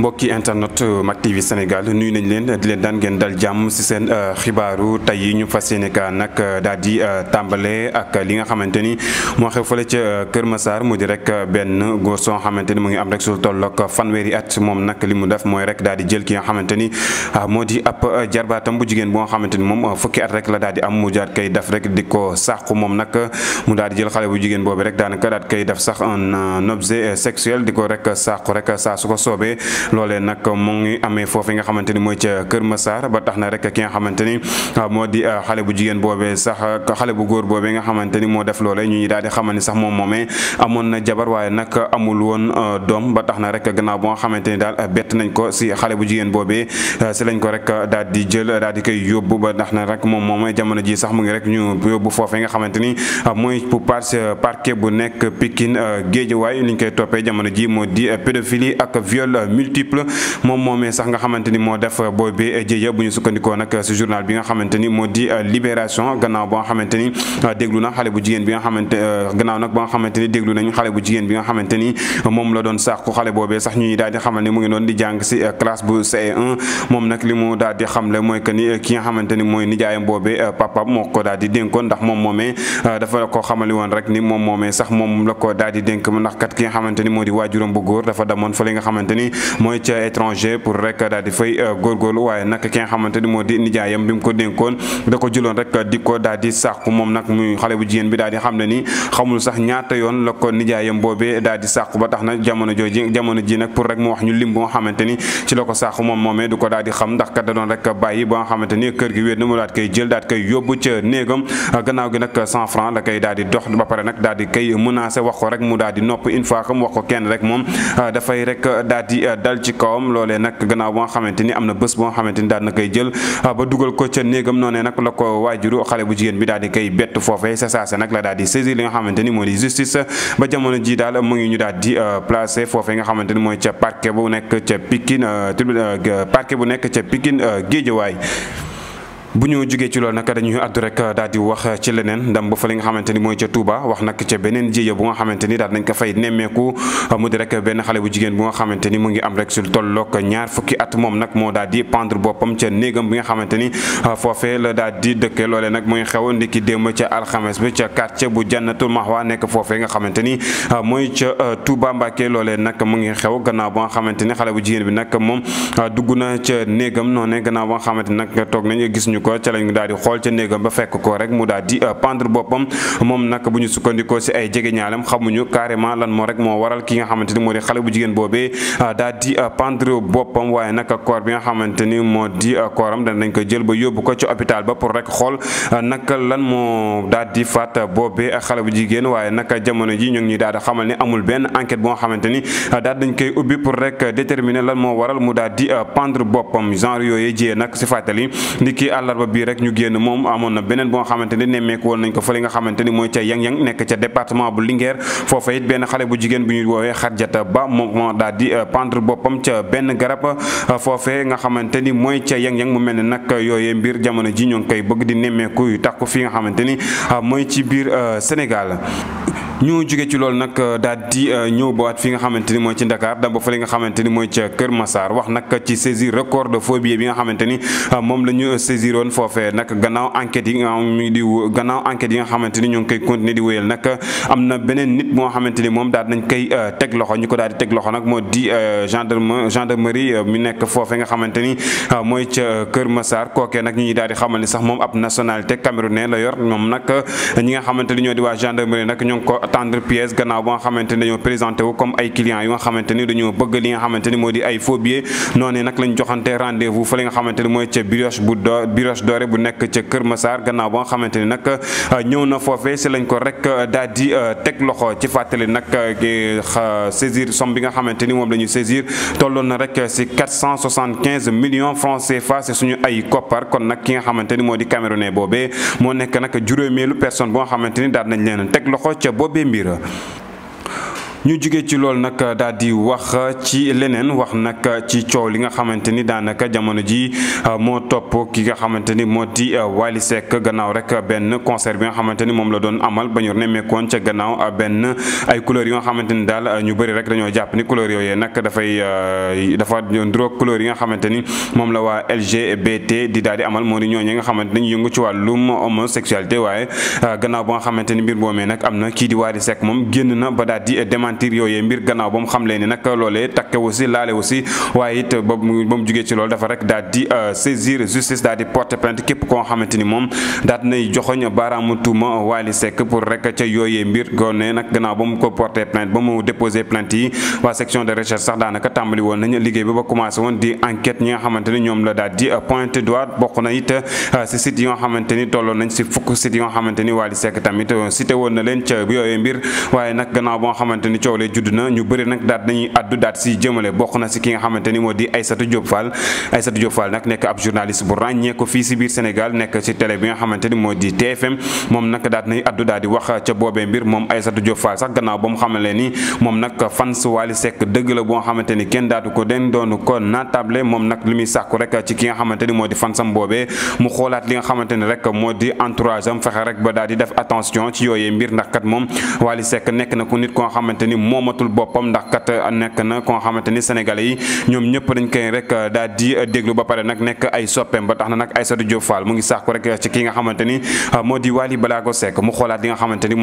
mbokki internet euh, Mak TV Sénégal nuyu nañ leen di leen daan ngeen dal jàmm si seen euh, xibaaru tey yi ñu fas yéene nag euh, daal di tàmbale ak li nga xamante ni moo xew fële ca Kër Massar mu di rek benn góor soo xamante ni mu ngi am rek su tolloog fanweeri at moom nag li mu def mooy rek daal di jël ki nga xamante ni ah, moo di ab jarbaatam bu jigéen boo nga xamante ni moom fukki at rek la daal di am mu daat kay def rek di ko sàqu moom nag mu daal di jël xale bu jigéen boobu rek daanaka daat kay def sax un objet sexuel di ko rek sàqu rek saa su ko soobee loolee nag mu ngi amee foofu nga xamante ni mooy ca Kër Massar ba tax na rek ki nga xamante ni ah, moo di ah, xale bu jigéen boobee sax xale bu góor boobee nga xamante ni moo def loolee ñu ñi daal di xamal ni sax moom moomee amoon na jabar waaye nag amul woon ah, doom ba tax na rek gannaaw bu nga xamante ni daal bett nañ ko si xale bu jigéen boobee si lañ ko rek daal di jël daal di koy yóbbu ba tax na rek moom moomee jamono ji sax mu ngi rek ñu yóbbu foofee nga xamante ni mooy pour parquet bu nekk Pikine Guédiawaye liñ koy toppee jamono ji moo di pédophilie ak viol multi multiple moom moomee sax nga xamante ni moo def boobee jéeya bu ñu sukkandikoo nag si journal bi nga xamante ni moo di euh, libération gannaaw ba nga xamante ni euh, déglu na xale bu jigéen bi nga xamante euh, gannaaw nag ba nga xamante ni déglu nañ xale bu jigéen bi nga moom la doon sàkku xale boobee sax ñuy daal di xamal ni moom nag li mu daal di xamle mooy que ni ki nga xamante ni mooy nijaayam boobee papa moo ko daal di dénkoon ndax moom moomee dafa ko xamali woon rek ni moom moomee sax moom la ko daal di dénk ndax kat ki nga xamante ni moo di waajuram mooy ca étranger pour rek daal di fay waaye nag ki nga moo di nijaayam bi mu ko dénkoon da ko juloon rek di ko daal moom nag muy xale bu jigéen bi daal xam la ko nijaayam boobee ba tax na jamono jooji jamono ji nag pour rek mu wax ñu lim bu nga xamante ni ci la ko sàqu moom moomee du ndax kat da doon rek bàyyi ba nga kër gi wéet na mu daat koy jël daat koy yóbbu ca néegam gannaaw gi nag 100 francs la koy daal dox ba pare nag daal di koy menacé wax ko rek mu daal di nopp une fois wax ko kenn rek moom dafay rek daal dal ci kawam loolee nag gannaaw ba nga xamante ni am na bés boo nga xamante ni daan na koy jël ah, ba dugal ko ca néegam noonee nag la ko waajuru xale bu jigéen bi daal di koy bett foofee sa saase nag la daal di saisir li nga xamante ni moo di justice ba jamono ji daal mu ngi ñu daal di euh, placé foofee nga xamante ni mooy ca parquet bu nekk ca Pikine euh, euh, parquet bu nekk ca Pikine Guédiawaye bu ñu jógee ci loolu nag dañuy àddu rek daal di wax ci leneen ndam ba fa li nga xamante ni mooy ca Touba wax nag ca beneen jéeya bu nga xamante ni daal nañ ko fay nemmeeku mu di benn xale bu jigéen bu nga xamante ni mu ngi am rek sul tolloog fukki at moom nag moo daal di pendre boppam ca néegam bi nga xamante ni foofee daal di dëkke loolee nag mooy xew ndiki démb ca alxames bi ca quartier bu Jannatul Mahwa nekk foofee nga xamante ni mooy ca euh, Touba Mbacké nag mu ngi xew gannaaw ba nga xamante ni xale bu jigéen bi nag moom euh, dugg na ca néegam noonee gannaaw ba nga xamante ni nag toog nañu gis ñu nañu ko ca lañ daal di xool ca ba fekk ko rek mu daal di euh, pendre boppam moom nag bu ñu sukkandikoo si ay jege ñaalem xamuñu carrément lan moo rek moo waral ki nga xamante ni moo di xale bu jigéen boobee euh, daal di euh, pendre boppam waaye nag koor bi nga xamante ni moo di kooram danañ ko jël ba yóbbu ko ci hôpital ba pour rek xool naka lan moo daal di faat boobee xale bu jigéen waaye nag jamono ji ñoo ngi ñuy daal di xamal ni amul benn enquête boo xamante ni daa dañ koy ubbi pour rek déterminer lan moo waral mu daal di pendre boppam genre yooyu jiyee nag si fàttali àllarba bii rek ñu génn moom amoon na beneen boo nga xamante ni nemmeeku woon nañ ko fële nga xamante ni mooy ca yang-yang nekk ca département bu Linguère foofa it benn xale bu jigéen bu ñuy woowee Xarjata Ba moom moo daal di euh, pendre boppam ca benn garab euh, foofe nga xamante ni mooy ca yang-yang mu mel ne nag yooye mbir jamono ji ñoo ngi koy bëgg di nemmeeku yu tax ko fi nga xamante ni euh, mooy ci biir Sénégal ñu jóge ci loolu nag euh, daal di euh, ñëw ba waat fi nga xamante ni mooy ci Dakar damba fa li nga xamante ni mooy ca Kër Massar wax nag ci saisir record de faux billets bi nga xamante ni euh, moom la ñu saisir woon foofee nag gannaaw enquête yi nga mi di gannaaw enquête yi nga xamante ni ñu ngi koy continuer di wéyal nag am na moo xamante ni moom daal nañ koy teg loxo ñu ko daal di teg loxo nag moo di gendarme gendarmerie mi nekk foofee nga xamante ni mooy ca Kër masaar kookee nag ñu ñuy daal di xamal ni sax moom ab nationalité ne la yor moom nag ñi nga xamante ni ñoo di waa gendarmerie nag ñu ko tendre pièce gannaaw ba nga xamante ni dañoo présenté wu comme ay clients yu nga xamante ni dañoo bëgg li nga xamante ni moo di ay faux billets noonu nag lañ joxante rendez-vous fa li nga xamante ni mooy ca Brioche euh, ñëw na foofee si lañ ko rek euh, daal di euh, teg loxo ci fàttali nag saisir somme bi nga xamante ni moom la ñu saisir tolloon na rek si 475 millions francs CFA si suñu ay koppar kon nag ki nga xamante ni moo di camerounais boobe moo nekk nag juróomeelu personne boo nga xamante ni daal nañ leen teg loxo ca boobee boobee mbir ñu jóge ci lool nag daal wax ci leneen wax nag ci coow li nga xamante ni daanaka jamono ji moo topp ki nga xamante ni moo di euh, Wally Seck gannaaw rek benn concert bi nga xamante ni moom la doon amal ba ñu nemmeekoon ca gannaaw euh, benn ay couleurs yu nga ni daal euh, ñu bëri rek dañoo jàpp ni couleurs yooyee nag dafay dafa nduroog couleurs yi nga xamante ni moom la waa LGBT di daal di amal moo di ñooñu nga xamante ni ñu yëngu ci wàllum homosexualité waaye gannaaw ba nga xamante ni mbir boomee nag am na kii di Wally Seck moom génn na ba daal di démentir yooyee mbir gannaaw ba mu xamlee ni nag loolee takkewu si laalewu si waaye it ba mu jógee ci loolu dafa rek daal di saisir ngir justice daal di porter képp koo xamante moom daal dinay joxoñ baaraamu tuuma Wally Seck pour rek ca yooyee mbir goone nag ba mu ko porter plainte ba mu déposer plainte yi waa section ni ñoom la na it euh, si site yi nga ni tolloon nañ si fukk site ni euh, na nag gannaaw ba nga xamante ni coow lee judd na ñu bëri nag daal nañuy addu daat si jëmale bokk na si ki nga xamante ni moo di Aïssatou Diop Fall Aïssatou Diop Fall nag nekk ab journaliste journaliste bu ràññee ko fii si biir Sénégal nekk ci télé bi nga xamante ni moo di TFM moom nag daat nay addu daal di wax ca boobee mbir moom Aïssatou Diop Fall ni moom nag fans Wally Seck dëgg la boo nga kenn daatu ko den doonu ko natable moom nag li sàkku rek ci ki nga xamante ni moo di fansam boobee mu xoolaat li nga ni rek moo di entourage am fexe rek ba daal di def attention ci yooyee mbir ndax kat moom Wally Seck nekk na ku nit ko nga ni moomatul boppam ndax kat nekk na ko nga xamante ni sénégalais yi ñoom ñëpp dañ koy rek daal di déglu ba pare nag nekk ay soppeem ba tax na nag Aïssatou Diop Fall mu ngi sàkku rek ci ki nga xamante ni euh, moo di Wally Balago Seck mu xoolaat li nga xamante euh,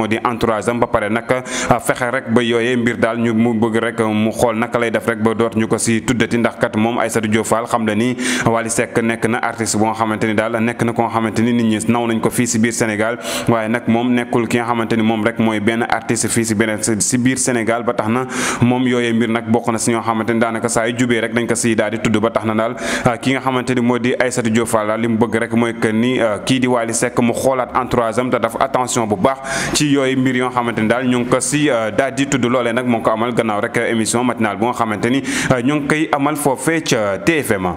daal ñu mu bëgg rek mu xool naka lay def rek ba doot ñu ko si tuddati ndax kat moom Aïssatou Diop Fall xam la ni Wally Seck nekk na artiste bu xamante ni daal nekk na ko nga xamante ni nit ñi naw nañ ko fii si biir Sénégal waaye nag moom nekkul ki nga xamante ni moom rek mooy benn artiste fii si beneen si biir Sénégal ba tax na moom yooyee mbir nag bokk na si ñoo xamante ni daanaka saa yu jubee rek dañ ko si daal di tudd ba tax na daal euh, ki nga xamante ni di Aïssatou Diop Fall li mu bëgg rek mooy que ni euh, kii di Wally Seck mu xoolaat entourage am te def attention bu baax ci yooyu mbir yoo xamante ni daal ñu ngi ko si euh, daal di tudd loolee nag moom ko amal gannaaw rek euh, émission matinale bu xamante ni ñu ngi koy amal foofee ca TFM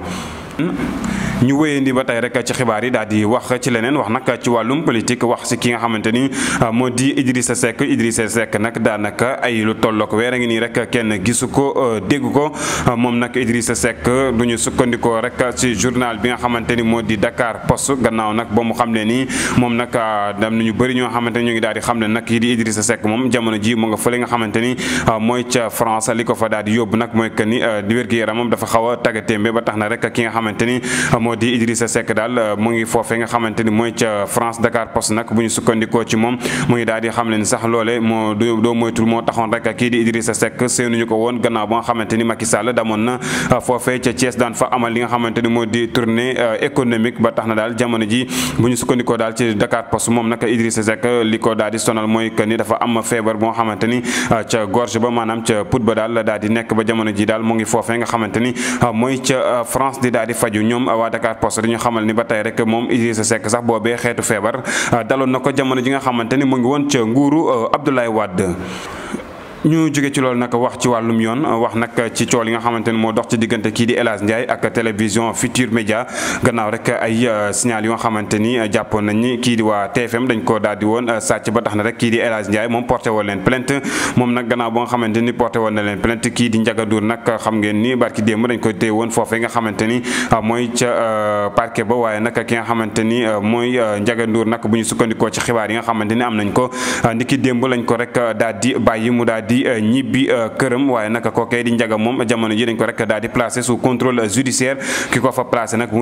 ñu wéyandi ba tey rek ci xibaar yi daal di wax ci leneen wax nag ci wàllum politique wax si ki nga xamante ni ah, moo di Idrissa Seck Idrissa Seck nag daanaka ay lu tollook weer a ngi nii rek kenn gisu ko euh, dégg ko ah, moom nag Idrissa Seck du ñu sukkandikoo rek ci journal bi nga xamante ni moo di dakaar Post gannaaw nag ba mu xam ne nii moom nag ah, nu ñu bëri ñoo xamante ni ñu ngi daal di xam ne nag yi di Idrissa Seck moom jamono ji mu nga fële nga xamante ni mooy ca France li ko fa daal di yóbbu nag mooy que ni wér gi moom dafa xaw a taggatémbe ba tax na rek ki nga xamante ni moo di Idrissa Seck daal euh, mu ngi foofee nga xamante ni mooy ca France Dakar Post nag bu ñu sukkandikoo moom euh, di tournée euh, économique ba tax na daal jamono ji moom dafa am feebar boo xamante ca gorge ba maanaam ca put ba daal daal nekk ba jamono ji daal mu ngi foofee nga xamante mooy ca France di daal faju ñoom waa Dakar Post di ñu xamal ni ba tey rek moom Idrissa Seck sax boobee xeetu feebar daloon na ko jamono ji nga xamante ni mu ngi woon ca nguuru euh, Abdoulaye Wade ñu jóge ci loolu nag wax ci wàllum yoon wax nag ci cool yi nga xamante ni moo dox ci diggante kii di El Hadj Ndiaye ak télévision Futur Média gannaaw rek ay euh, signal yu nga xamante ni jàppoon nañ ni kii di waa TFM dañ ko daal di woon euh, sàcc ba tax na rek kii di El Hadj Ndiaye moom porté woon leen plainte moom nag gannaaw ba nga xamante ni porté woon na leen plainte kii di Ndiaga Ndour nag xam ngeen ni barki démb dañ ko téye woon foofee nga xamante ni euh, mooy ca parquet ba waaye nag ki nga xamante ni mooy njaganduur Ndour nag bu ñu sukkandikoo ci xibaar yi nga xamante ni am nañ ko ndiki démb lañ ko rek daal di bàyyi mu di euh, ñibbi euh, këram waaye nag kookee di njaga moom jamono ji dañ ko rek daal di placé sous contrôle judiciaire ki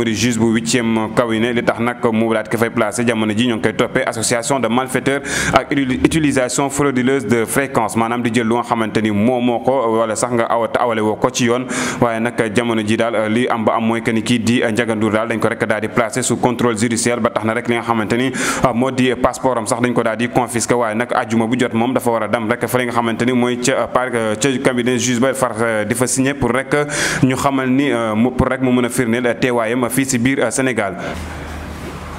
di juge bu huitième cabinet li ni moo moo ko wala sax nga ko yoon waaye nag jamono ji daal li am ba am mooy que kii di Ndiaga Ndour daal dañ ko rek daal di placé sous contrôle judiciaire ba tax na rek li nga xamante ah, moo di passeport am sax dañ ko daal di confisqué waaye nag ajuma bu jot moom dafa war a rek fa li nga mooy ca par euh, ca cabinet juge ba far euh, di fa signé pour rek euh, ñu xamal ni pour rek mu mën a firndeel teewaayam a fii si biir Sénégal.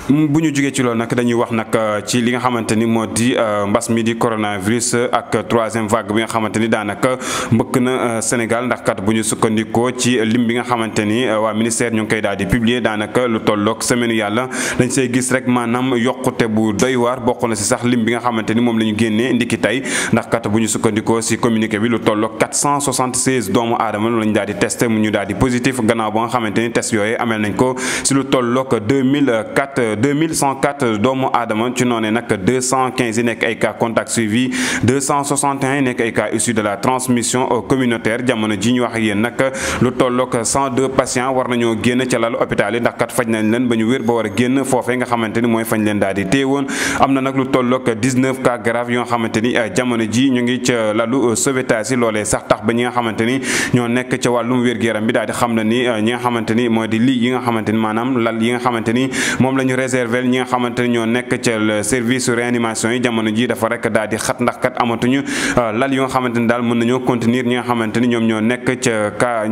bu ñu jógee ci loolu nag dañuy wax nag euh, ci li nga xamante ni moo di euh, mbas mi di coronavirus ak troisième vague bi nga xamante ni daanaka mbëkk na euh, Sénégal ndax kat bu ñu sukkandikoo ci lim bi nga xamante ni waa ministère ñu koy daal di publier daanaka lu tolloog semaine yàlla dañ see gis rek maanaam yokkute bu doy waar bokk na sax lim bi nga xamante ni moom la ñu génnee ndiki tey ndax kat bu ñu sukkandikoo si communiqué bi lu tolloog 476 doomu aadama lañu daal di testé mu ñu daal di positif gannaaw ba nga xamante ni test yooyu amel nañ ko si lu tolloog 2004 2104 doomu aadama ci noonee nag 215 yi nekk ay cas contact suivi yi nekk ay cas issus de la transmission euh, communautaire jamono ji ñu wax ak yéen nag lu tollook 102 patients war nañoo génn ca lalu hôpital yi ndax kat faj nañ leen ba ñu wér ba war a génn foofee nga xamante ni mooy fañ leen daal di téewoon am na nag lu tollook 19 cas grave yoo nga xamante ni euh, jamono ji ñu ngi ca lalu euh, sauvetage yi loolee sax tax ba ñi nga xamante ni ñoo nekk ca wàllum wér-gu-yaram bi daal di xam na ni ñi nga xamante ni mooy di lii yi nga xamante ni maanaam lal yi nga xamante ni moom lañu réserver ñi nga xamante ñoo nekk ca service réanimation yi jamono ji dafa rek daal di xat ndax kat amatuñu euh, lal yu nga xamante daal mën nañoo contenir ñi nga xamante ñoom ñoo nekk ca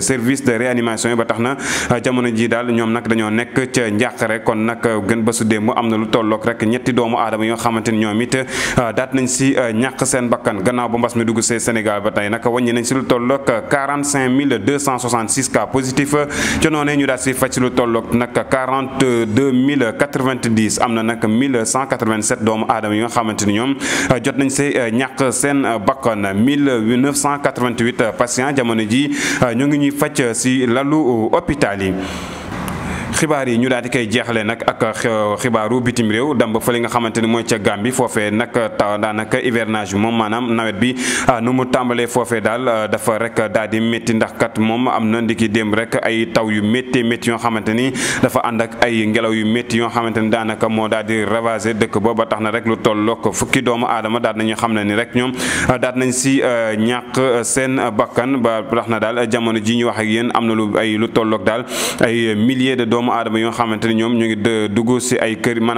service de réanimation yi ba tax na euh, jamono ji daal ñoom nag dañoo nekk ca njàqare kon nag euh, gën ba su démb am na lu tollook rek ñetti doomu aadama yoo xamante ni ñoom it daat nañ si ñàkk seen bakkan gannaaw ba mbas mi dugg see Sénégal ba tey nag wàññi nañ si lu tollook 45 266 cas positif ca noonee ñu mille quatre vingt am na nag mille cent quatre doomu aadama yi nga xamante ni ñoom euh, jot nañ see euh, ñàkk seen euh, bakkan mille neuf cent quatre-vingt-huit jamono ji ñoo ngi ñuy faj si lalu hôpital yi. xibaar yi ñu daal di koy jeexalee nag ak xibaaru bitim réew dem ba fële nga xamante ni mooy ca bi foofee nag daanaka hivernage bi moom maanaam nawet bi ah, nu mu tàmbalee foofee daal ah, dafa rek daal di métti ndax moom am na ndiki démb rek ay taw yu métti métti yoo xamante ni dafa ànd ak ay ngelaw yu métti yoo xamante ni daanaka moo daal di ravager dëkk boobu ba tax na rek lu tollook fukki doomu aadama daal nañu xam ne ni rek ñoom ah, daat nañ si ñàkk seen bakkan ba tax na daal jamono ji ñu wax ak yéen am na lu ay lu tollook daal ay milliers de doomu aadama yi nga xamante ni ñoom ñu ngi dugg si ay kër ma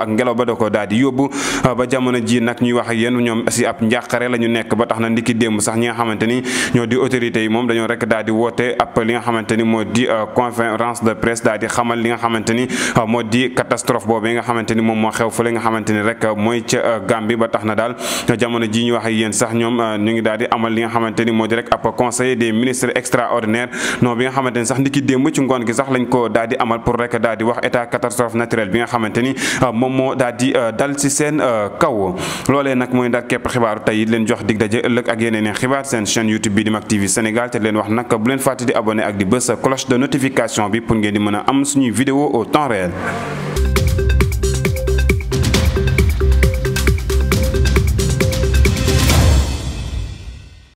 ak ngelaw ba da ko daal di yóbbu ah, ba jamono ji nag ñuy wax ñoom si ab njàqare la ñu nekk ba tax na ndiki démb sax ñi nga xamante ni ñoo di yi moom dañoo rek daal di woote ab li nga xamante ni moo di ah, conférence de presse daal di xamal li nga xamante ni ah, moo di catastrophe boobu yi nga xamante ni moom moo xew fële nga xamante ni rek mooy ca Gambie ba tax na daal jamono ji ñu wax ak yéen sax ñoom ñu ngi daal di amal li nga xamante ni moo di rek ab conseil des ministres extraordinaire non bi nga xamante sax ndiki démb ci ngoon gi sax lañ ko daal di amal pour rek daal di wax état catastrophe naturelle bi nga xamante ni euh, moom moo daal di euh, dal ci seen euh, kaw loolee nag mooy ndax képp xibaaru tey leen jox dig daje ëllëg ak yeneen i xibaar seen chaîne YouTube bi di Mak Sénégal te leen wax nag bu leen fàtte di abonné ak di bës cloche de notification bi pour ngeen di mën a am suñuy vidéo au temps réel